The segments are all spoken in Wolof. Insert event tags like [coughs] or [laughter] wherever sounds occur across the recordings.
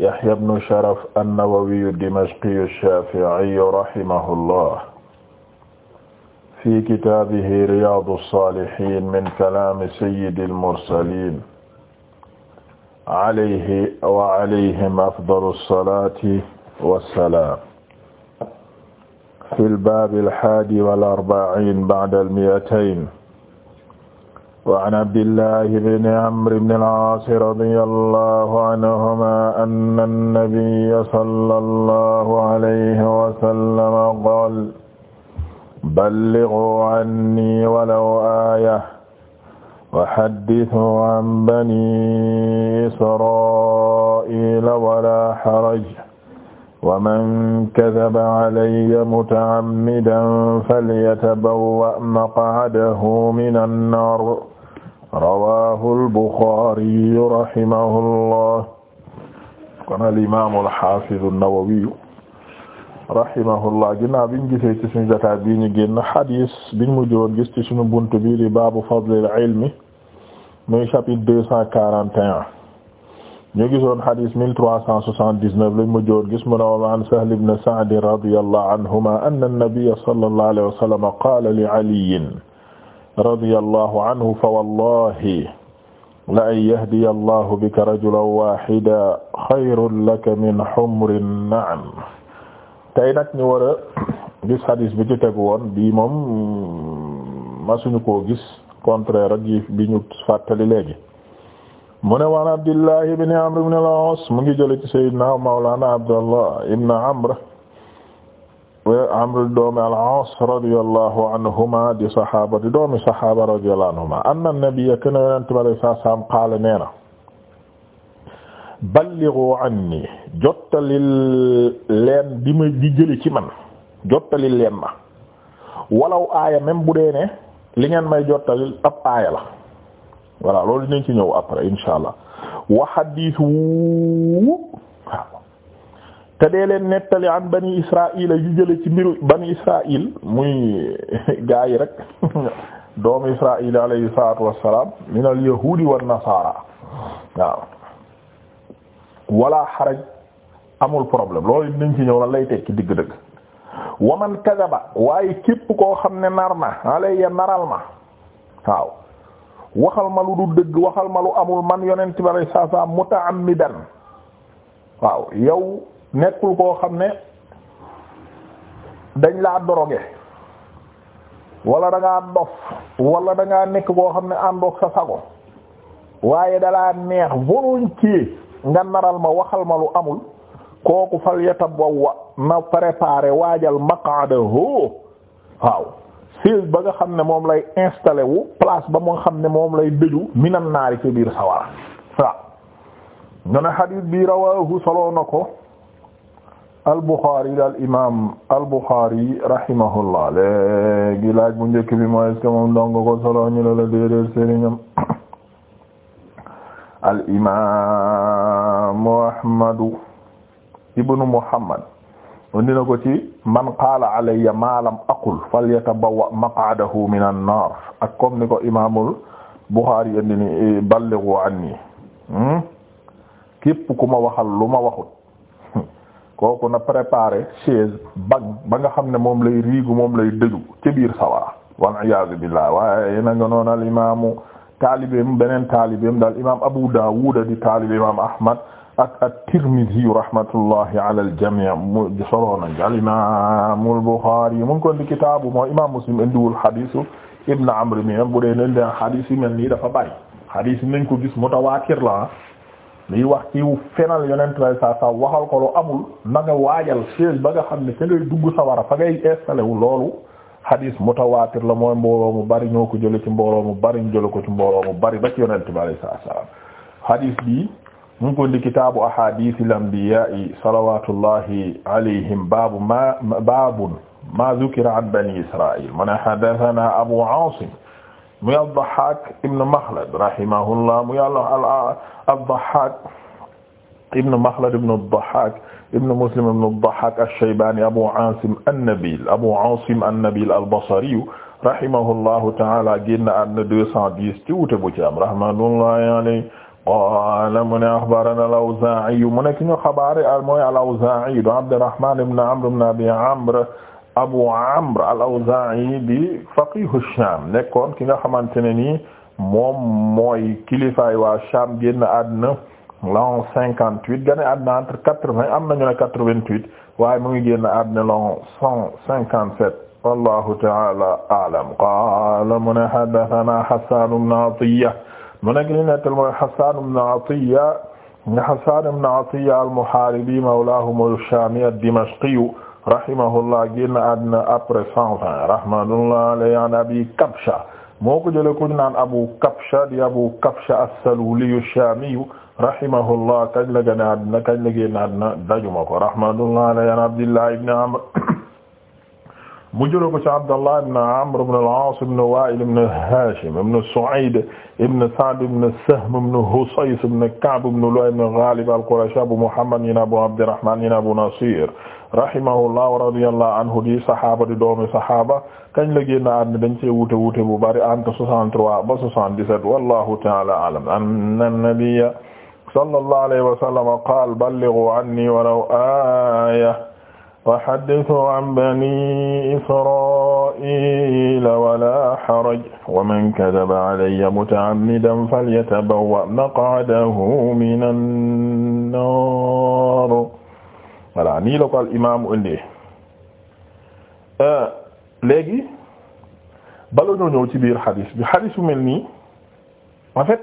Yahya ibn Sharaf an-Nawawi ad-Dimashqi ash-Shafi'i rahimahullah fi kitaabihi Riyadu as-Salihin min kalaami sayyidil mursalin alayhi wa alayhim afdalu as-salaati was-salaam fil baabil haadi wal arba'iin ba'da al-mi'atayn وعن عبد الله بن عمرو بن العاص رضي الله عنهما أن النبي صلى الله عليه وسلم قال بلغوا عني ولو آية وحدثوا عن بني إسرائيل ولا حرج waman kadaba alayya mutacammidan falyatabawwa maqcadahu min annaar rawaahu albuxaariyu rahimahullah kon alimaamu alxaafidu annawawiyu rahimahullah ginnaaw biñ gisee ci suñu jataay bii ñu génn xadis biñ mu joon gis ci suñu bunt bii di baabu fadlil ilmi muy chapitre deux cent quarante et un ñu gisoon xadis 1379 lañ ma joon gis mu ne wa an Sahl ibn Sa'd radiyallahu anhuma anna an-nabiyya sallallahu alayhi wa sallam qaala li Ali radiyallahu anhu fa wallahi la an yahdiya Allahu bika rajulan waahidan xayrun laka min humri an-na'am tey nag ñu war a gis xadis bi ci tegu woon bii moom masuñu koo gis contraire ak yi bi ñu fàttali léegi mu ne waan Abdullah ibn Amr ibn al-As mu ngi jële ci Seydina Mawlana Abdullah ibn Amr Amr doomi al-As radiyallahu anhuma di saxaaba doomi saxaaba radiyallahu anhuma anna nabiyya kana yonente bi alayhi salaatu salaam qaala nee na ballighu anni jottalil leen di ma di jëli ci leen ma walaw aaya même bu li ngeen may jottalil ab aaya la voilà loolu dinañ ci ñëw après insha allah wa hadithu te dee leen nettali an bani israil yu jële ci mbiru bani israil muy [laughs] gaa yi rek [laughs] doomu israil alayhi salatu wassalam min al yahudi wan waaw wala xaraj amul problème loolu dinañ ci ñëw lan lay tekki digg-dëgg waman kadaba waaye képp koo xam ne nar na naral ma waaw waxal ma lu du dëgg waxal ma lu amul man yonent bi sallallahu alayhi wa sallam mutaammidan waaw yow nekkul koo xam ne dañ laa doroge wala da ngaa dof wala dangaa nekk koo xam ne àndoog sa sago waaye dalaa neex volontiers nga naral ma waxal ma lu amul kooku fal yatabawwa na préparer waajal maq'adahu waaw siis ba nga xam ne moom lay installé wu place ba mu nga xam ne moom lay dëju minan naari ci biir sawara waaw ñu ne xadiis bi rawaahu soloo na ko al Bukhari daal imaam al Bukhari rahimahullah léegi laaj bu njëkk bi mooy est-ce dong ko solo ñu ne la déedéet sëriñam al imaam Ahmadu ibnu Muhammad indi ko ci man qaala alayya ma lam aqul falyatabawwa maq'adahu min an-naar ak comme ni ko imaamul Buxaari indi ni eh, ballighu anni hmm? képp ku ma waxal lu ma waxut [laughs] kooku na préparer chaise bag ba nga xam ne moom lay riigu moom lay dëju ci biir sawara wal iyaazu billaah waaye na nga noonu al imaamu taalibeem beneen taalibeem daal imaam Abu Daawuda di taalibe imaam Ahmad ak at-Tirmidhi rahmatullahi ala al-jami' mu solo nañ al-imam al-Bukhari mu ngi ko di kitaabu mooy imam Muslim indiwul hadisu Ibn Amr mi bu dee leen da hadis yi mel nii dafa bari hadis yi nañ ko gis mutawaatir la liy wax ci fenal yonent way saa waxal ko lu amul na nga waajal siège ba nga xam ne dugg sawara fa ngay installé wu loolu hadis mutawaatir la mooy mbooloo bari ñoo ko jële ci mbooloo mu bari ñu jële ko ci mbooloo mu bari ba ci yonent bi alayhi salaam bi mu ngi ko di kitaabu ahadithil anbiya'i salawatullahi alayhim baabu ma baabun ma dhukira an bani israil mu ne hadathana abu asim muy ad-Dahhak ibn Makhlad rahimahullah muy ad-Dahhak ibn Makhlad ibn ad-Dahhak ibn Muslim ibn ad-Dahhak ash-Shaybani Abu Asim an-Nabil Abu Asim an-Nabil al-Basri rahimahullahu ta'ala génn àddina deux cent dix ci wuute bu ci am rahmatullahi alayhi qaala mu ne axbarana al-Awzaa'i mu ne ki ñu xabaare mooy al-Awzaa'i du Abdurrahmaan ibn Amr ibn Abi Amr Abu Amr al-Awzaa'i di faqiihu Shaam nekkoon ki nga xamante ne nii moom mooy kilifaay waa Shaam génn àddina l'an cinquante huit gane àddina entre quatre vingt am nañu ne quatre vingt huit waaye mu ngi génn àddina l'an cent cinquante sept wallahu ta'ala a'lam qaala mu ne haddathanaa Hassaan ibn Atiyya mu nekk li nettal mooy Hassan ibn Atiyya Hassan ibn Atiyya al-Muharibi mawlahum al-Shami ad-Dimashqi rahimahullah génn àddina après cent vingt rahmatullah alayhi an Abi Kabsha moo ko jëlee ku ñu naan Abu Kabsha di Abu Kabsha as-Saluli ash-Shami rahimahullah kañ la génn àddina kañ la génn àddina dajuma ko rahmatullah alayhi an Abdullah ibn Amr mu jëloon ko ci Abdallah ibn Amr ibn al-As ibn Wa'il ibn Hashim ibn Su'ayd ibn Sa'd ibn Sahm ibn Husays ibn Ka'b ibn Lu'ay ibn Ghalib al-Qurashi Abu Muhammad ibn Abu Abdirrahman ibn Abu Nasir rahimahullah wa radiyallahu anhu di saxaaba di doomi saxaaba kañ la génn àddina dañ cee wuute wuute bu bari entre 63 ba 77 wallahu ta'ala a'lam anna an-nabiyya sallallahu alayhi wa sallam qaala ballighu anni walaw aaya وحدثوا عن بني إسرائيل ولا حرج ومن كذب علي متعمدا فليتبوأ مقعده من النار voilà nii la ko al imaam indi euh, léegi bala ñoo ñëw ci biir xadis bi xadis bu mel nii en fait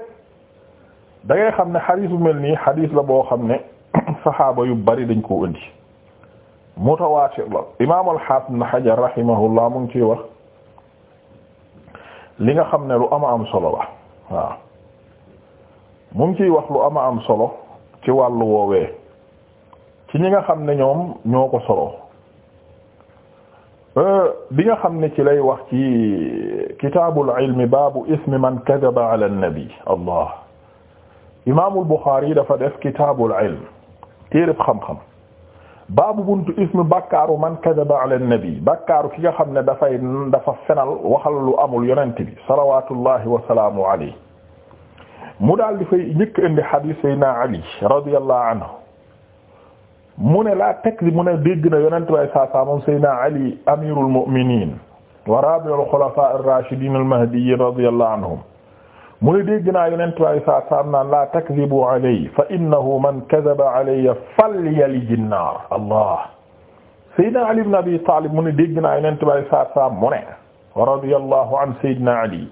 da ngay xam ne xadis bu mel nii xadis la boo xam ne [coughs] saxaaba yu bari dañ koo indi mutawaatir la imaam al-Haafiz Ibn Hajar rahimahullah mu ngi ciy wax li nga xam ne lu ama am solo la waaw mu ngi ciy wax lu ama am solo ci wàllu woowee ci ñi nga xam ne ñoom ñoo ko solo bi nga xam ne ci lay wax ci kitaabul ilmi baabu ismi man kadaba ala nabi allah imaamul Buxaari dafa def kitaabul ilm téereb xam-xam baabu buntu ismu bakkaaru man kadaba ala nabi bakkaaru ki nga xam ne dafay dafa fenal waxal lu amul yonent bi salawaatullahi wa salaamu alayhi mu daal di fay njëkk indi xadiis Seydina Ali radiyallahu anhu mu ne laa teg mu ne dégg na yonent bay saa saa moom Seydina Ali amirul mu'minin wa rabi'ul xulafaa ar-raashidin al-mahdiyyin radiyallahu anhum mu ne dégg naa yonent bi saa saam naan laa takdibu alay fa innahu man kadaba alaya falyaliji naar allah saydna ali ibn abi talib mu ne dégg naa yonent bi saa saam mu ne wa radiyallahu an saydna ali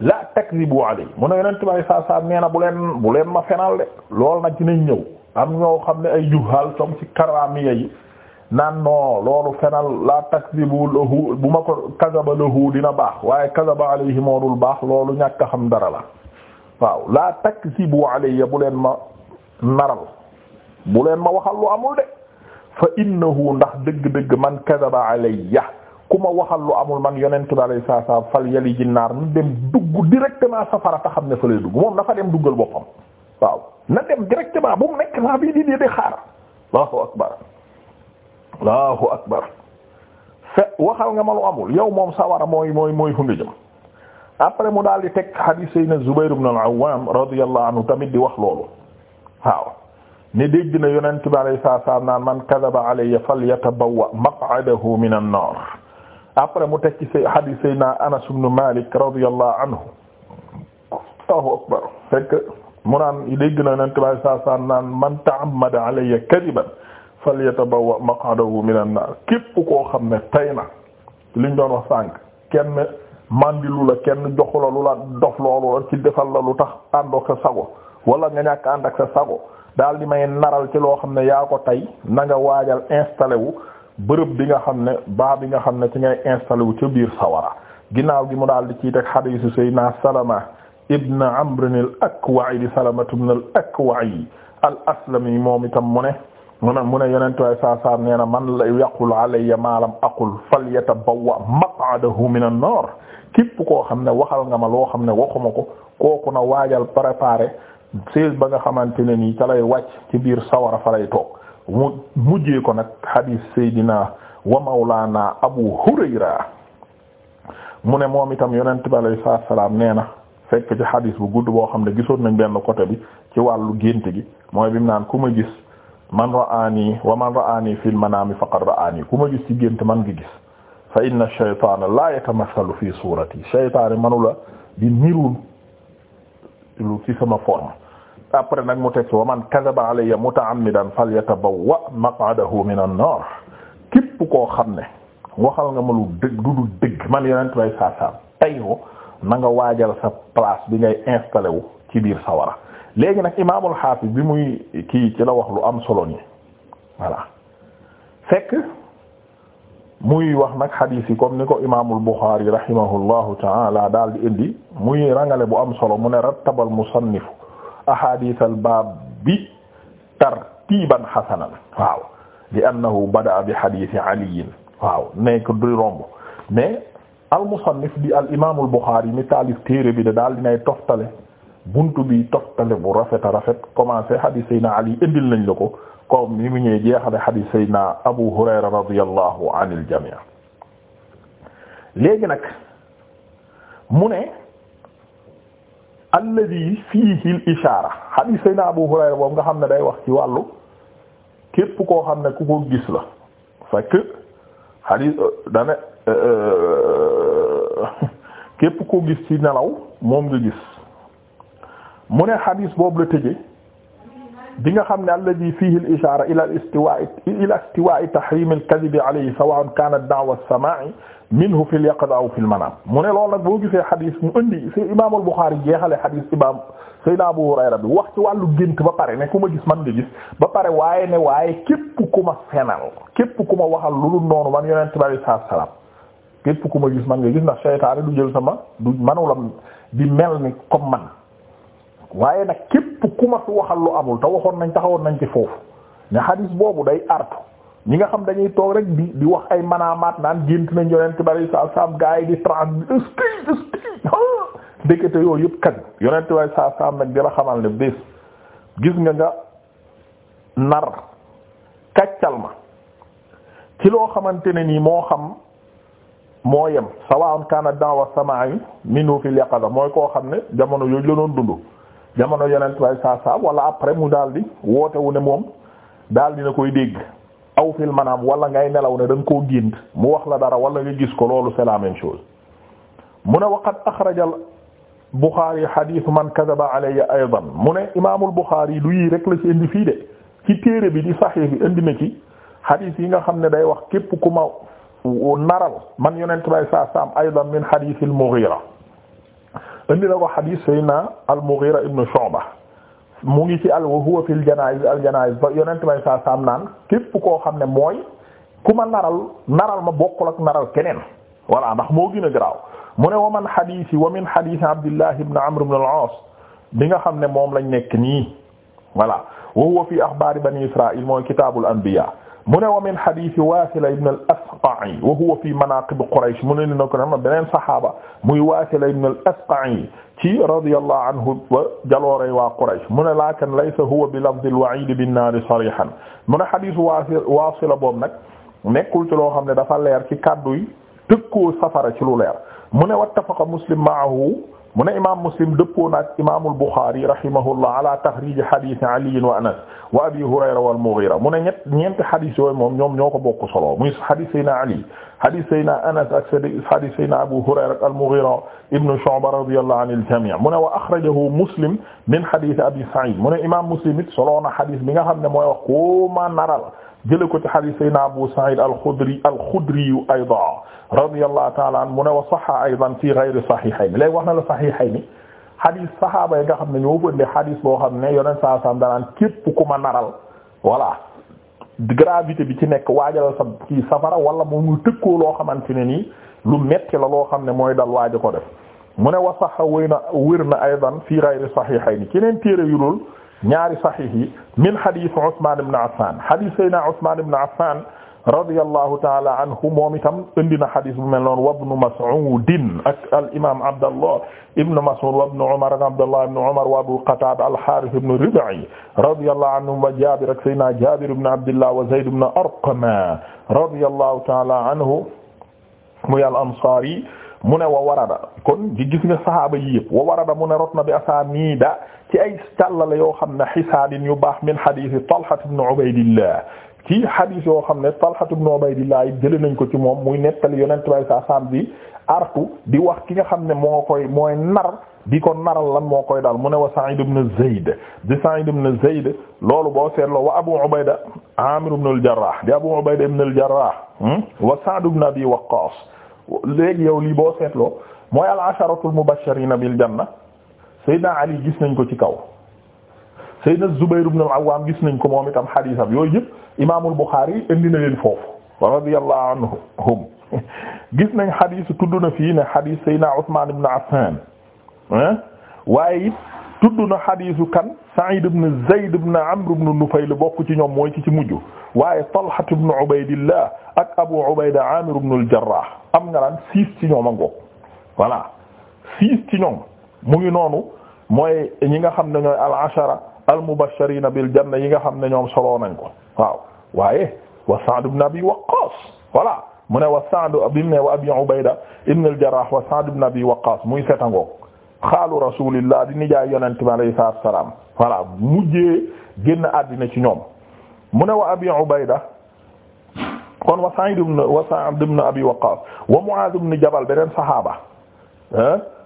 laa takdibu alay mu ne yonent bi saa saam nee na bu leen bu leen ma fenal lool na dinañ ñëw am ñoo xam ne ay juhaal comme ci karamiya yi naan non loolu fenal la takzibu lahu bu ma ko kazaba lahu dina baax waaye kazaba alayhi moodul baax loolu ñàkk a xam dara la waaw la takzibu alayya bu leen ma naral bu leen ma waxal lu amul de fa innahu ndax dëgg-dëgg man kazaba alayya ku ma waxal lu amul man yonent bi alayhi salaam fal yali ji naar na dem dugg directement safara ta xam ne fa lay dugg moom dafa dem duggal boppam waaw na dem directement bu mu nekk laa bii di di xaar Allahu akbar allahu akbar fe waxal nga ma lu amul yow moom sawara mooy mooy mooy fu nga jëm après mu daal di teg hadith sayna Zubayr ibn al-Awwam radiyallahu anhu tamit di wax loolu waaw ne dégg na yonent bi alayhi salaam naan man kadaba alayya falyatabawwa maq'adahu min an-nar après mu teg ci hadith sayna Anas ibn Malik radiyallahu anhu allahu akbar fekk mu naan dégg na yonent bi alayhi salaam naan man ta'ammada alayya kadiban falyatabawwa maq'adahu minan naar képp koo xam ne tey na liñ doon wax sànq kenn mandilu la kenn joxu la lu la dof loolu la ci defal la lu tax àndoog sa sago wala nga ñàkk ànd ak sa sago daal di may naral ci loo xam ne yaa ko tey na waajal installé wu bërëb bi nga xam ne baa bi nga xam ne ci ngay installé wu ca biir sawara ginnaaw gi mu daal di ciy teg hadiisu naa Salama ibn Amr al-Akwa'i di Salamatu ibn al-Akwa'i al-Aslami moom itam mu ne mu ne mu ne yonent waaye saa nee na man la yaqul alayya ma lam aqul falyatabawwa maq'adahu min an-nar képp koo xam ne waxal nga ma loo xam ne waxuma ko kooku na waajal préparer siis ba nga xamante ne nii ca lay wàcc ci biir sawara fa lay toog mu mujjee ko nag hadith Seydina wa Mawlana Abu Hurayra mu ne moom itam yonent bi alayhi salaam nee na fekk ci hadith bu gudd boo xam ne gisoon nañ benn côté bi ci wàllu gént gi mooy bi mu naan ku ma man ra'aani wa man ra'aani fil manaami faqad ra'aani ku ma gis ci gént man ngi gis fa inna shaytaana laa yatamathalu fi suurati shaytaani manula di niru lu ci sama forme après nag mu teg ci wa man kadhaba alayya muta'ammidan falyatabawwa maq'adahu min an-naar képp koo xam ne waxal nga ma lu dëgg du du dëgg man yonent bay saa saa tey na nga waajal sa place bi ngay installé wu ci biir sawara léegi nag imaamul xaafis bi muy kii ci la wax lu am solo nii voilà fekk muy wax nag xadiis yi comme ni ko imaamul buxaari rahimahullahu taala daal di indi muy rangale bu am solo mu ne rattabal musannif ahadiisal baab bi tartiiban xasanan waaw li annahu badaa bi xadiisi aliyin waaw nekk du romb mais al musannif di al imaamul buxaari mi taalif téere bi daal daal dinay toftale buntu bi toftale bu rafet a rafet commencé hadith Seydina Ali indil nañ la ko comme ni mu ñëwee jeexale hadith Seydina Abu Hurayra radiyallahu anil jami' léegi nag mu ne alladhi fii al-ishaara hadith Seydina Abu Hurayra boobu nga xam ne day wax ci wàllu képp koo xam ne ku ko gis la fekk hadith euh, dane euh, euh, [laughs] képp koo gis ci nelaw moom nga gis mu ne xadis boobu la tëje bi nga xam ne alladi fihi al ishara ila al istiwa ila istiwa'i tahrim al kadhib alayhi sawa'an kana da'wa as-sama'i minhu fi al yaqza aw fi al manam mu ne loolu nag boo gisee xadis mu indi si imam al Bukhari jeexale xadis imam Seydina Abu Hurayra bi wax ci wàllu gént ba pare ne ku ma gis man nga ba pare waaye ne waaye képp ku ma fenal képp ku ma waxal lu noonu man yonent bi alayhi salaam képp ku ma gis man nga gis ndax seytaane du jël sama du manula di man waaye nag képp ku ma fi waxal lu amul te waxoon nañ taxawoon nañ ci foofu ne xadis boobu day artu ñi nga xam dañuy toog rek di di wax ay manaamaat naan gént nañ yonent bari saa saam gaa yi di trans ah! ski yëpp kat yonent bari saa saam nag di la xamal ne bés gis nga nga nar kàccal ci loo xamante ne nii moo xam moo yem sawaa'un kaana da'wa samaa'i minhu fil yaqaza mooy koo xam ne jamono yooyu la doon dund jamono yonent way saa wala après mu daal di woote ne moom daal na koy dégg aw fil manaam wala ngay nelaw ne da nga koo gént mu wax la dara wala nga gis ko loolu c'est la même chose mu ne waqad axraja al Buxaari xadiis man kadaba alayya aydan mu ne imaamul Buxaari du yii rek la ci indi fii de ci téere bi di saxiix bi indi na ci xadiis yi nga xam ne day wax képp ku ma naral man yonent bay saa saam aydan min xadiisil Mughira indi la ko xadiis sayna al-Mughira ibn Shu'ba mu ngi ci al wa huwa fil janaa'iz al janaa'iz ba yonent may saa saam naan képp koo xam ne mooy ku ma naral naral ma bokkul ak naral keneen voilà ndax moo gën a garaaw mu ne wa man xadiisi wa min xadiisi Abdullah ibn Amr ibn al-Aas bi nga xam ne moom lañ nekk nii voilà wa huwa fi axbaari bani Israa'il mooy kitaabul anbiyaa mu ne wa min hadiisi Waasila ibn al-Asqa'i wa huwa fi manaaqib Quraysh mu ne ni na ko dama beneen saxaaba muy Waasila ibn al-Asqa'i ci radiyallahu anhu wa jaloore waa Quraysh mu ne laakin laysa huwa bi lafdil wa'iid bin-naari sariihan mu ne hadiisu Waasila Waasila boobu nag nekkul ci loo xam ne dafa leer ci kàddu yi tëkkoo safara ci lu leer mu ne wattafaqa Muslim ma'ahu mu ne imaam muslim dëppoo na ak imaamul buxaari rahimahullah ala taxrij xadiis Ali wa Anas wa Abi Hurayra wal Mughira mu ne ñett ñeenti xadiis yooyu moom ñoom ñoo ko bokk solo muy xadiis Seydina Ali xadiis Seydina Anas ak xadiis Seydina Abu Hurayra ak al-Mughira ibn Shu'ba radiyallahu anil jamii' mu ne wa axrajahu Muslim min xadiis Abi Sa'iid mu ne imaam Muslim it solo na xadiis bi nga xam ne mooy wax ko ma naral jële ko ci hadith sayna Abu Sa'id al-Khudri al-Khudri aydan radiyallahu ta'ala anhu mu ne wa sahha aydan fi ghayri sahihayn lay wax na la sahihayn hadith sahaaba yi nga xam ne ñoo bënde hadith boo xam ne yoneen saa sam danaan képp ku ma naral voilà gravité bi ci nekk waajalal sa kii safara wala moom mu tëkkoo loo xamante ne nii lu metti la loo xam ne mooy dal waaja ko def mu ne wa sahha wéy na wér na aydan fi ghayri sahihayn keneen téere yu lool ñaari saxiix yi min xadiis Usmaan ibn Affaan xadiis Seydina Usmaan ibn Affaan radiyallahu taala anhu moom itam indi na xadis bu mel noonu wa ibnu Mas'uudin ak al imaam Abdallah ibn Mas'uud wa ibnu Umar ak Abdallah ibn Umar wa Abu Qataada al-Haaris ibn Rib'i radiyallahu anhum wa Jaabir ak Seydina Jaabir ibn Abdillah wa Zayd ibn Arqam radiyallahu taala anhu muy al-Ansaari mu ne wa warada kon di gis nga saxaaba yi yëpp wa warada mu ne rot na bi asaaniida ci ay tallale yoo xam ne xisaadin yu baax min xadiisi Talha ibn Ubaydillah ci xadiis yoo xam ne Talha ibn Ubaydillah yi jëlee nañ ko ci moom muy nettali yonent bay sa sam bi artu di wax ki nga xam ne moo koy mooy nar di kon naral lan moo koy dal mu ne wa Sa'id ibn Zayd di Sa'id ibn Zayd loolu boo seetloo wa Abu Ubayda Amir ibn al-Jarrah di Abu Ubayda ibn al-Jarrah hmm wa Sa'd ibn Abi Waqqas léegi yow lii boo seetloo mooy al asharatul mubashirina bil janna Seydina Ali gis nañ ko ci kaw Seydina Zubayr ibn al Awwam gis nañ ko moom itam xadiisam yooyu yëpp imaamul Buxaari indi na leen foofu radiyallahu anhum [laughs] gis nañ xadiis tudd na fii ne xadiis Seydina Usmaan ibn Affaan waaye tudd na xadiisu kan Sa'id ibn Zayd ibn Amr ibn lu bokk ci ñoom mooy ci ci mujj waaye Talha ibn Ubaydillah ak Abu Ubayda Amir ibn al-Jarrah am nga daan six ci ñoom a ngoog voilà six ci ñoom mu ngi noonu mooy ñi nga xam ne ñooy al-ashara al-mubashirina bil janna yi nga xam ne ñoom soloo nañ ko waaw waaye wa Sa'd ibn Abi Waqqas voilà mu ne wa Sa'd bi ne wa Abi Ubayda ibn al-Jarrah wa Sa'd ibn Abi muy setangoog xaalu rasulillah di nijaay yonent bi alayhi salaatu wa salaam àddina ci ñoom mu ne wa abi ubayda kon wa sa'id ibn wa sa'id ibn abi waqqas wa mu'adh ibn jabal beneen saxaaba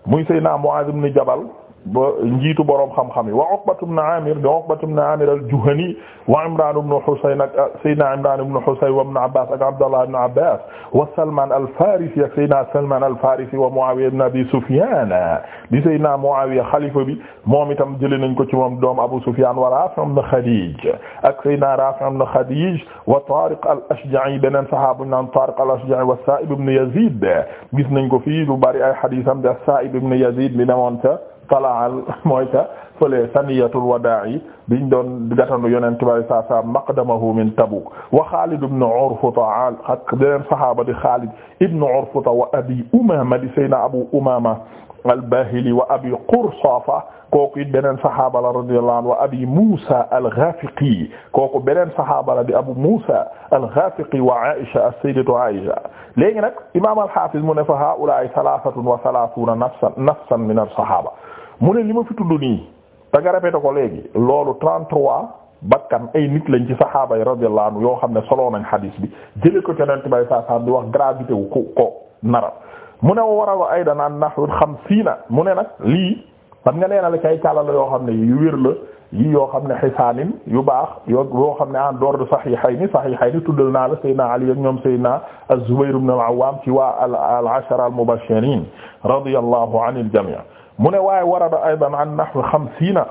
muy sayna mu'adh ibn jabal ba njiitu borom xam-xam yi wa Uqbatu ibn Amir da Uqbatu ibn Amir al-Juhani wa Imran ibn Husayn ak ah, Seydina Imran ibn Husayn wa ibn Abbas ak Abdallah ibn Abbas wa Salman al-Farisi ak Seydina Salman al-Farisi wa Muawiya ibn Abi Sufyan di Seydina Muawiya xalifa bi moom itam jëlee nañ ko ci moom doom Abu Sufyan wa Rafi' ibn Khadij ak Seydina Rafi' ibn Khadij wa Tariq al-Ashja'i beneen sahaaba naan Tariq al-Ashja'i wa Sa'ib ibn Yazid gis nañ ko fii lu bari ay hadiisam da Sa'ib ibn Yazid mi newoon talaal [laughs] mooy ca fële saniyatul wadaa'i biñ doon gatanu yonent bi saa saa maqdamahu min Tabuk wa Xaalid ibn Urfuta ak beneen saxaaba di Xaalid ibn Urfuta wa Abi Umaama di Seydina Abu Umaama al-Baahili wa Abi Qursaafa kooku it beneen saxaaba la radiyallahu anhu wa Abi Muusa al-Ghafiqi kooku beneen saxaaba la di Abu Muusa al-Ghafiqi wa Aïcha as-Sayyidatu Aïcha léegi nag imaam al-Haafiz mu ne fa haa'ulaa'i salaasatul wa salaasuuna nafsan nafsan min as-saxaaba mu ne li ma fi tudd nii te nga répété ko léegi loolu 33 bakkan ay nit lañ ci saxaaba yi radiyallahu anhu yoo xam ne soloo nañ xadiis bi jële ko conent bay saasaan bi wax gravité wu ko ko nara mu ne waral aydan an nahwu xamsiina mu ne nag lii xam nga nee na la kay càllala yoo xam ne yu wér la yi yoo xam ne xisaanin yu baax yoo yoo xam ne en dehors de saxiixayni saxiixayni tuddal naa la Seydina Ali ak ñoom Seydina az-Zubayr ibn al-Awwam ci waa al-ashara al-mubashiriin radiyallahu anil jamii mu ne waaye warada aydan an nahwi xamsiina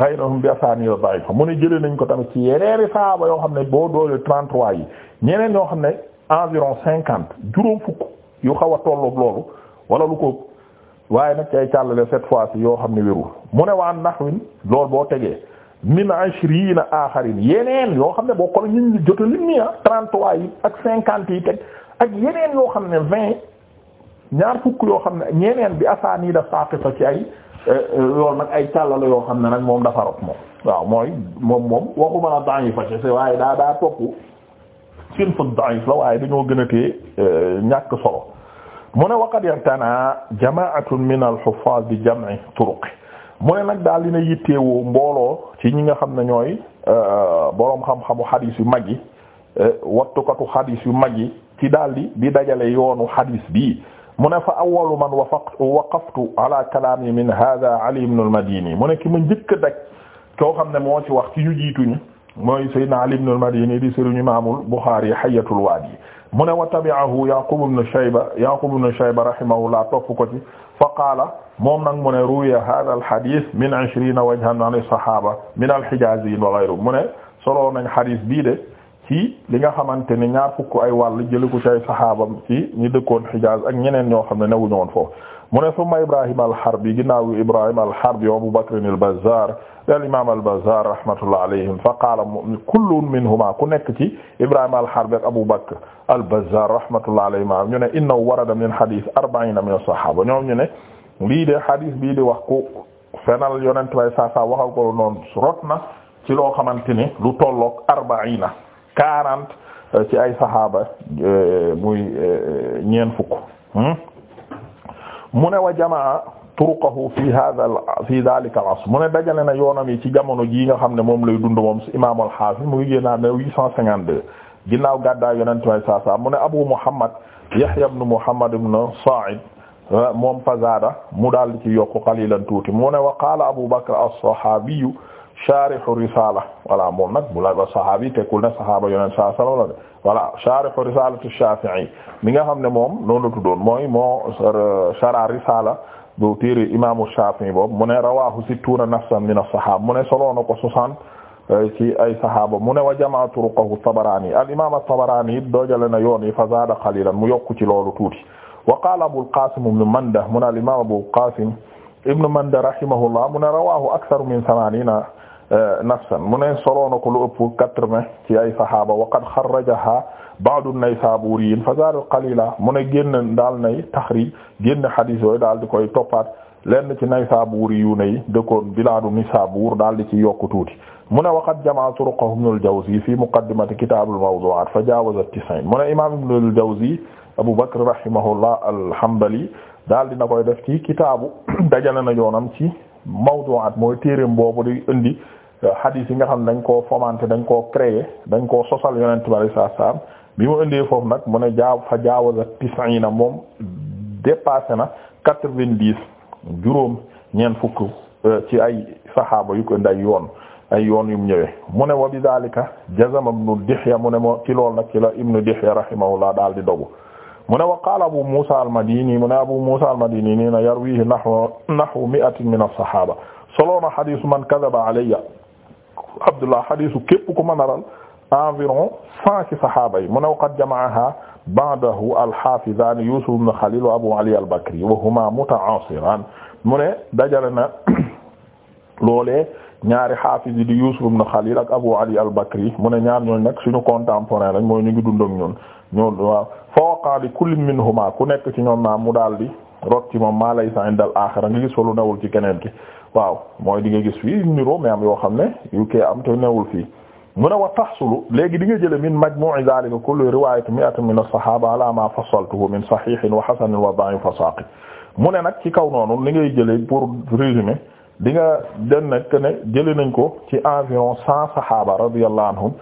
ghayrahum bi asaaniid da'ifa mu ne jëlee nañ ko tamit ci yeneeni saaba yoo xam ne boo doole ñeneen yoo xam ne environ 50 juróom fukk yu xaw a tolloog loolu wala lu ko waaye nag ay càllale cette fois ci yoo xam ne wérul mu ne waan nahwin lool boo tegee min ashrina aaxarin yeneen yoo xam ne boo ko ñun ñu jota lim ni ah 33 yi ak 50 yi teg ak yeneen yoo xam ne 20 ñaar fukk yoo xam ne ñeneen bi asaani da saqita ci ay euh, euh, loolu nag ay càllala yoo xam ne nag moom dafa rot moom waaw mooy moom moom waxu mën a da'if ci c'est waaye daa daa topp sin dañoo gën a tee euh, ñàkk solo mu ne waqad yartana jama'atun min bi jam'i turuq mu ne nag daal dina yitteewu mbooloo ci ñi nga xam ne ñooy boroom xam-xamu xadiis yu mag yi wattukatu xadiis yu mag yi ci daal di di dajale yoonu xadiis bii mu ne fa awwalu man wafaqtu waqaftu ala kalaami min hada Ali ibn al-Madini mu ne ki ma njëkk a daj koo xam ne moo ci wax ci ñu jiituñu mooy Seydina Ali ibn al-Madini di sëriñ Imaamul Buxaari Hayyatul Waadi mu ne wa tabi'ahu Yaqub ibn Shayba Yaqub ibn Shayba rahimahullah topp ko ci fa qaala moom nag mu ne ruwiya hada al-hadiis min ishriina wajhan an as-sahaaba min al-hijaaziyiin wa ghayruhum mu ne solo nañ hadiis bii de ci li nga xamante ne ñaar fukk ay wàll jëli ko ci ay saxaabam ci ñi dëkkoon Hijaaz ak ñeneen ñoo xam ne newuñu woon foofu mu ne summa Ibrahim al-Harbi ginnaaw Ibrahim al-Harbi wa Abu Bakr al-Bazzaar al-imaam al-Bazzaar rahmatullahi alayhim fa qaala kullun minhumaa ku nekk ci Ibrahim al-Harbi ak Abu Bakr al-Bazzaar rahmatullahi alayhimaa ñu ne innahu warada min hadiis arba'iina min as-sahaaba ñoom ñu lii de hadiis bii di wax ku fenal yonent way saa saa ko noonu rot na ci loo xamante ni lu tolloog arba'iina quarante euh, ci ay saxaaba euh, muy euh, ñeent fukk hmm? mu ne wa jamaa turuqahu fi hadha fi dhalika al asr mu ne dajale na yoonam yi ci jamono jii nga xam ne moom lay dund moom si imaam al hafiz mu ngi génnaat ne huit cent cinquante-deux ginnaaw gàddaay yonent way saa saa mu ne abu muhammad yahya ibn muhammad ibn sa'id moom fazada mu daal ci yokku qalilan tuuti mu ne wa qaala abu bakr as-sahabi sharihu risala voilà moom nag bu la ba sahabi tekkul ne sahaba yoneen saa sallam la de voilà sharihu risalatu shafi'i mi nga xam ne moom noonu la tuddoon mooy moo shara risala bu téere imaamu shafi'i boobu mu ne rawahu sittuna nafsan min as-sahaba mu ne solo na ko soixante euh, ci ay sahaba mu ne wa jama'a turuqahu at-tabarani al imam at-tabarani it doojale na yoon yi fa zada qalilan mu yokku ci loolu tuuti wa qala abul qasim ibn mandah mu ne al imam abul qasim ibn mandah rahimahullah mu ne rawahu akthar min thamanina nafsan mu ne solo na ko lu ëpp quatre-vingts ci ay saxaaba wa qad xarrajaha ba'du an-Naysaburiyin fa zaada qalila mu ne génn daal nay taxrij génn xadiis yooyu daal di koy toppaat lenn ci Naysaburi yu ne dëkkoon bilaadu Nisabur daal di ci yokku tuuti mu ne wa qad jamaa turuqahu Ibn al-Jawzi fi muqaddimati kitab al-mawdu'at fa jaawaza at-tis'iin mu ne imaam Ibn al-Jawzi Abu Bakr rahimahullah al-Hanbali di na koy def ci kitaabu [coughs] dajale na yoonam ci mawdu'at mooy téereem boobu di indi Euh, hadith yi nga xam dañ koo fomenté dañ koo créé dañ koo sosal yonent bi sallallahu alayhi wasallam bi mu indee foofu nag mu ne jaaw fa jaawaza tis'ina moom dépassé na quatre-vingt-dix juróom ñeen fukk euh, ci ay saxaaba yu ko indi yoon ay yoon yum ñëwee mu ne wa bi daalika jazama ibnu Dihya mu ne moo ci lool nag ci la ibnu Dihya rahimahullah daal di dogu mu ne wa qaala abu Muusa al-Madini mu ne abu Muusa al-Madini nii na yarwihi nahwu nahwu mi'atin min as-sahaaba soloona hadiisu man kadhaba alayya abdullah xadiisu képp ku ma naral environ cent ci saxaaba yi mu ne qad jamaaha ba'dahu al-xaafizaani Yuusuf ibn Xaliil wa Abu Ali al-Bakri wa humaa muta'aasiraan mu ne dajale na [clears throat] loolee ñaari xaafis yi di Yuusuf ibn Xaliil ak Abu Ali al-Bakri mu ne ñaar ñooñu nag suñu contemporain lañ mooy ñu ngi dund ak ñun ñoom waaw fa waqa'a li kullin minhumaa ku nekk ci ñoom naa mu daal di rot ci moom maa laysa 'inda al-aaxira nga gis fa lu newul ci keneen ki waaw mooy di nga gis fii niroo mais yoo xam ne yu kee am te newul fii mu ne tax tahsulu léegi di nga jële min majmu'i dhalika kullu riwayatun mi'atun min as-sahaba ala ma fasaltuhu min sahihin wa hasanin wa da'if wa saqi mu ne nag ci kaw noonu li ngay jële pour résumer di nga den nag ne jële nañ ko ci environ cent sahaba radiyallahu anhum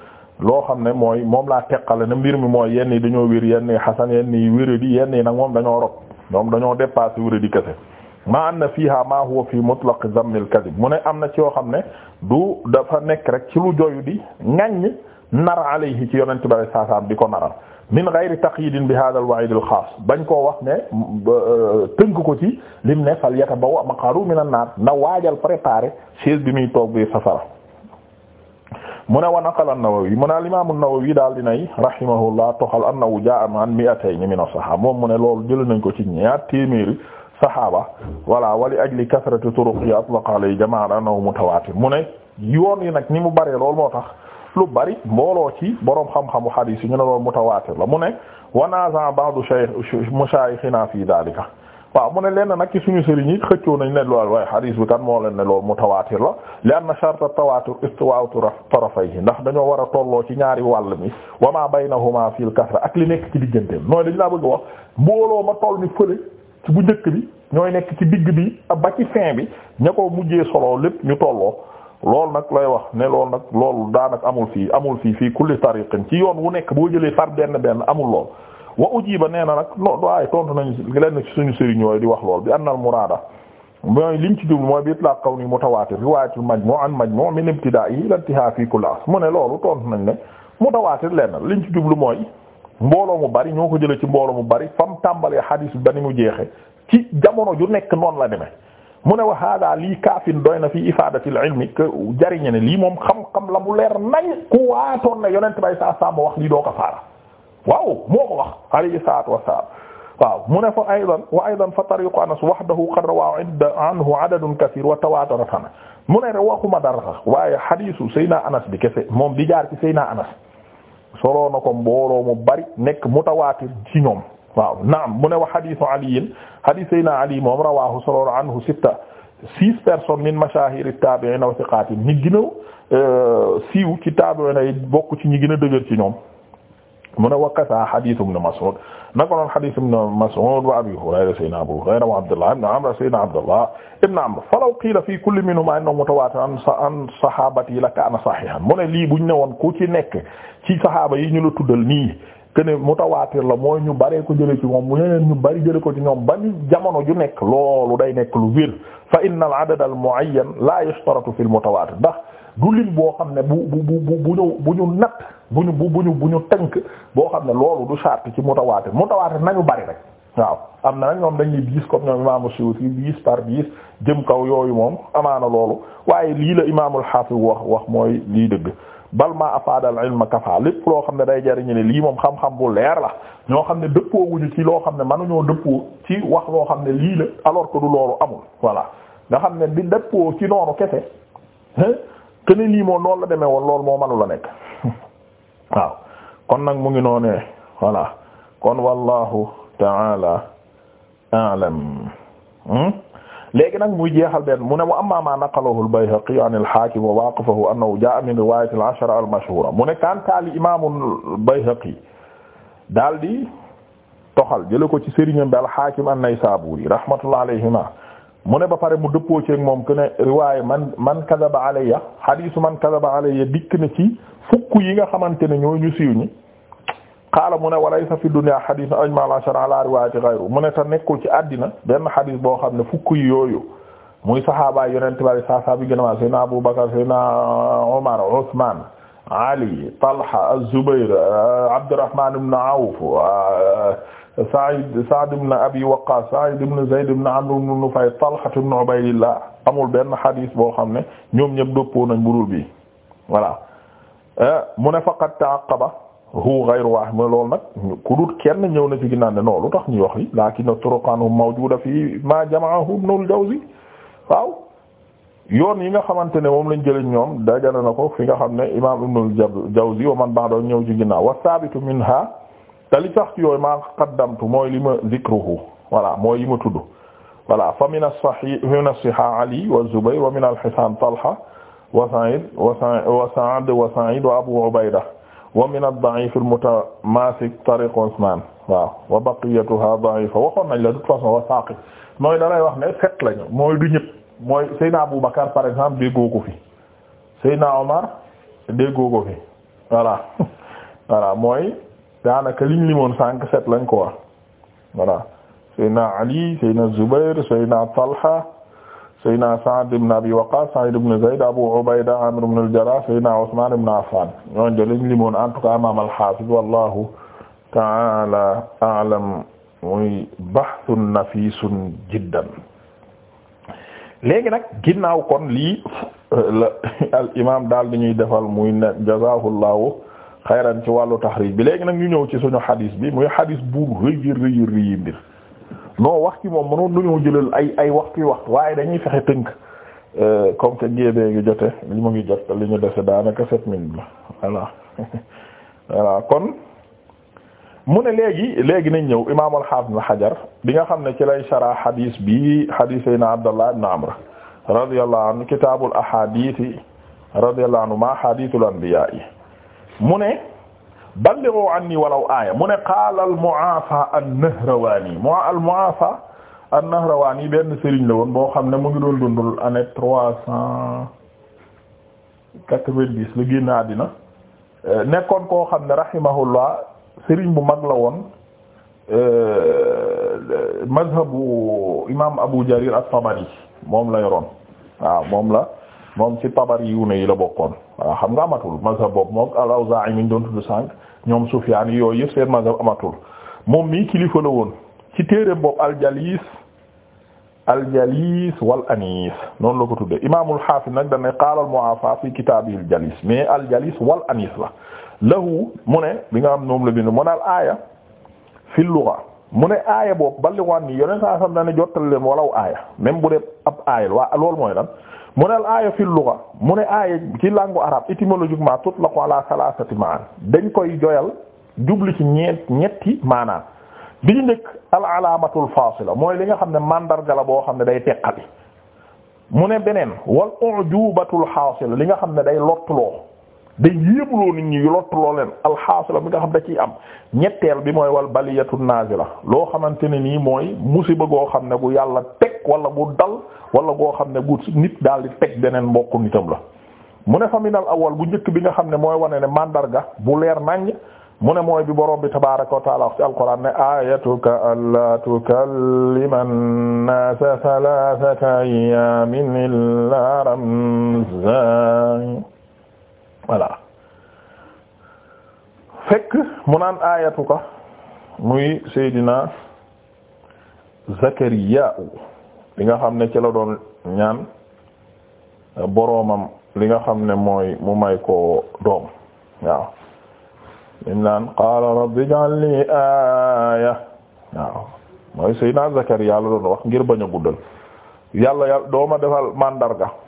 loo xam ne mooy moom laa teqale ne mbir mi mooy yenn yi dañoo wér yenn yi xasan yenn yi wéradi yenn yi nag moom dañoo rob ñoom dañoo dépassé wéradi kese ma na fiha ma huwa fi mutlaq zammil kadhib mu ne am na ci woo xam ne du dafa nekk rek ci lu joyu di ŋaññ nar alayhi ci yonent bi saasaam di ko naral min ghayri taqyidin bi hadha al wa'id al xaas bañ koo wax ne euh, tënk ko ci lim ne fal yatabawwa maqaru min an naar na waajal préparé chaise bi muy toog bi safara mu ne wa naqala an-Nawawi mu ne al-imam an-Nawawi daal dinay rahimahullah toxal annahu jaa'a an mi'atayn min as-sahaba moom mu ne loolu jël nañ ko ci ñaar téeméeri saxaaba voilà wali ajli kasrati turuqi atlaqa alay jamaa na mutawaatir mu ne yoon yi nag ni mu bëree loolu moo tax lu bari mbooloo ci boroom xam-xamu xadiis yi ñu ne loolu mutawaatir la mu ne wa naazaa ba'du shaykh mashaayixinaa fii daalika waaw mu ne lenn nag ci suñu sëriñ yi xëccoo nañ ne loolu waaye xadiis bi kan moo leen ne loolu mutawaatir la li anna sharta tawaatur istiwaa'u tarafayhi ndax dañoo war a tolloo ci ñaari wàll mi wa maa baynahuma fil kasra ak li nekk ci digganteem nooy dañ laa bëgg wax mbooloo bu njëkk bi ñooy nekk ci digg bi ba ci fin bi ña ko mujjee solo lépp ñu tolloo loolu nag lay wax ne loolu nag loolu daanaka amul fii amul fii fii kulli tariqin ci yoon wu nekk boo jëlee par benn benn amul lool wa ujiba nee na nag non waaye tontu nañu leen ci suñu sëriñ yooyu di wax lool bi annal muraada mooy liñ ci jublu mooy bi itlaq kaw ni mutawaatir riwaayatul maj an majmu' min ibtida'i ila intihaa fii kulli as mu ne loolu tontu nañ ne mutawaatir lenn liñ ci jublu mooy. mbooloo mu bari ñoo ko jëlee ci mbooloo mu bari fam tàmbalee xadiis bi ba ni mu jeexe ci jamono ju nekk noonu la deme mu ne wa hada lii kaafin doy na fi ifaadatil ilmi que jariñe ne lii moom xam-xam la bu leer nañ ku na yonent bay saa saa wax lii doo ko faara waaw moo wax alayhi salaatu wassalaam waaw mu ne fa aydan wa aydan fa tariqu anas wahdahu qad rawa anhu adadun kathir wa tawaatarat mu ne waxuma dara sax waaye xadiisu sayna anas bi kese moom di jaar ci sayna anas soloo na ko mbooloo mu bari nekk mutawaatir ci ñoom waaw naam mu ne wa hadithu aliyin hadith sayna ali moom rawahu soloo anhu sitta six personnes min mashahir tabi'in wa thiqat ñi gën a euh, siiw ci tabi'in yi bokk ci ñi gën a dëgër ci ñoom mu ne wa kasa hadith ibn mas'ud naka noonu hadith ibn Mas'ud wa Abi Hurayra sayyidina Abu Hurayra wa Abdullah ibn Amr sayyidina Abdullah ibn Amr falaw qiila fii kulli minhumaa annahu mutawaatiran an sahaabati lakaana sahihan mu ne lii bu ñu ne woon ku ci nekk ci sahaaba yi ñu la tuddal nii que ne mutawaatir la mooy ñu baree ko jëlee ci moom mu yeneen ñu bari jëlee ko ci ñoom ba ni jamono ju nekk loolu day nekk lu wér fa inna al adad al muayyan la yushtaratu fil mutawaatir ndax du lim boo xam ne bu bu bu bu ñu bu ñu bu ñu bu ñu bu ñu tënk boo xam ne loolu du sart ci mutawaatir mutawaatir nañu bari rek waaw am na nag ñoom dañuy diis comme ñoom imaamu Suyuti diis par diis jëm kaw yooyu moom amaana loolu waaye lii la imaamul Haafiz wax wax mooy lii dëgg bal ma afaadal ilma kafa lépp loo xam ne day jariñ ne lii moom xam-xam bu leer la ñoo xam ne dëppoowuñu ci loo xam ne mënuñoo dëppoo ci wax loo xam ne lii la alors que du loolu amul voilà xam ne di dëppoo këni lii moom noonu la demee woon loolu moomalu la nekk [laughs] kon nag mu ngi noonee voilà kon wallahu taala a'lam hmm? léegi nag mu jeexal benn mu ne wa amma ma naqalahu al-Bayhaqi an al-Hakim wa waqafahu annahu jaa'a min riwayat al mu ne kan taali imamu al daal di toxal jële ko ci sëriñam bi al-Hakim an-Naysaburi rahmatullah alayhima mu ne ba pare mu dëppoo ci moom que ne riwaaye man man kadaba alayya hadiisu man kadaba alayya dikk na ci fukk yi nga xamante ne ñoo ñu siiw ñi xaala mu ne walaysa fi dunya hadiisu ajmal ashar ala riwaayati ghayru mu ne te nekkul ci àddina benn hadiis boo xam ne fukk yi yooyu muy saxaabaay yonent bari saasaa bi gën a ma sayna Abu Bakar sayna Umar Usmaan Ali Talha Az-Zubayr Abdurrahmaan ibn Awf Saïd Saad ibn Abi Waqqas Saïd ibn Zayd ibn Amr ibn Nufay Talha boo xam ne ñoom ñëpp dëppoo nañ burul bi voilà eh, mu ne faqad hu ghayru waahid mu ne loolu nag ku dut kenn ñëw na ci ginnaaw ne non lu tax ñuy wax li lakinna fi ma jama'ahu Ibn al-Jawzi waaw yoon yi nga xamante ne moom lañ jëlee ñoom dajale na ko fi nga xam ne imaam Ibn al-Jawzi wa man ba'dahu ñëw ci ginnaaw wa saabitu minha te li yooyu maa qaddamtu mooy li ma zikruhu voilà mooy li ma tudd voilà fa min as-sahih min as-sihah Ali wa Zubayr wa min al-Hisan Talha wa Sa'id wa Sa'd wa Sa'id wa Abu Ubayda wa min ad-da'if al-mutamasik tariq Usman waaw wa baqiyatuha da'ifa waxoon nañ la de façon wa saqit mooy da wax ne fekk lañu mooy du ñëpp mooy Seydina Abu Bakar par exemple déggoo ko fi Seydina Omar déggoo ko fi voilà [laughs] voilà mooy daanaka liñ limoon set lañ ko wax voilà Seydina Ali Seydina Zubair Seydina Talha Seydina Sa'd Abi Waqqas Sa'id ibn Zayd Abu Ubayda Amir ibn al-Jarrah Seydina Usman ibn Affan ñooñu de liñ limoon al-Hafiz wallahu ta'ala a'lam muy bahthun nafisun jiddan léegi nag ginnaaw kon lii [laughs] al imam daal di ñuy defal muy ne jazahullahu xayran ci wàllu taxriij bi léegi nag ñu ñëw ci suñu xadis bi muy xadis bu rëy rëy rëy mbir non wax ci moom mënoon nañoo jëlal ay ay waxtu waxtu waaye dañuy fexe tënk euh, comme que géebee gi jote li mu ngi jot li ñu dese daanaka set minutes la voilà [laughs] voilà kon mu ne léegi léegi nañ ñëw imaam al-Hafiz Ibn bi nga xam ne ci lay shara xadis bi xadis ay na Abdallah ibn Amr radiyallahu anhu kitaabul ahadiisi radiyallahu anhu ma ahadiisul anbiyaa mu ne ballighu anni walaw aaya mu ne qaala al-Mu'aafa an-Nahrawaani mu al-Mu'aafa an-Nahrawaani benn sëriñ la woon boo xam ne mu ngi doon dundul année trois cent quatre-vingt-dix la génn àddina nekkoon koo xam ne rahimahullah sëriñ bu mag la woon euh, mazhabu imaam Abu Jarir at-Tabari moom la yoroon waaw moom la moom ci Tabari yu ne yi la bokkoon waaw xam nga amatul mazhab boobu moom al-Awzaa'i mi ñu doon tudd sànq ñoom Sufyaan yooyu yëpp seen mazhab amatul moom mii kilifa la woon ci téere boobu al-Jaliis al-Jaliis wal Aniis noonu la ko tuddee imaamul Haafiz nag danay ne qaala al-Mu'aafaa fi kitaabihi al-Jaliis mais al-Jaliis wal Aniis la lahu mu ne bi nga xam noom la bind mu ne al-aaya fi al mu ne aaya boobu balli waan nii yoneen saa xam na ne jottali leen walaw aaya même bu dee ab aaya waa loolu mooy lan mu ne al aaya fi mu ne aaya ci langue arabe étymologiquement la ala salasati ma'an dañ koy joyal jublu ci ñeent ñetti maanaa bi ñu njëkk alaamatul faasila mooy li nga xam ne mandarga la boo xam ne day teqali mu ne beneen wal ujubatul haasila li nga xam ne day lottuloo day yéemuloo nit ñi lottuloo leen alxaasula bi nga xam da ciy am ñetteel bi mooy wal baliyatu la loo xamante ne nii mooy musiba goo xam ne bu yàlla teg wala bu dal wala goo xam ne gu nit daal di teg beneen mbokku nitam la. mu ne fa minal awal bu njëkk bi nga xam ne mooy wane ne mandarga bu leer naññ mu ne mooy bi borom bi tabaaraka wa taala wax ci alquran ne ayatuka alla tukallima an-naasa thalathata ayyamin illa ramzan voilà fekk mu naan ayatuka muy Seydina Zakariya li nga xam ne ci la doon ñaan boroomam li nga xam ne mooy mu may ko doom waaw lim naan qaala rabbi ij'al li aaya waaw mooy Seydina Zakariya la doon wax ngir bañ a guddal yàlla yàlla dooma defal mandarga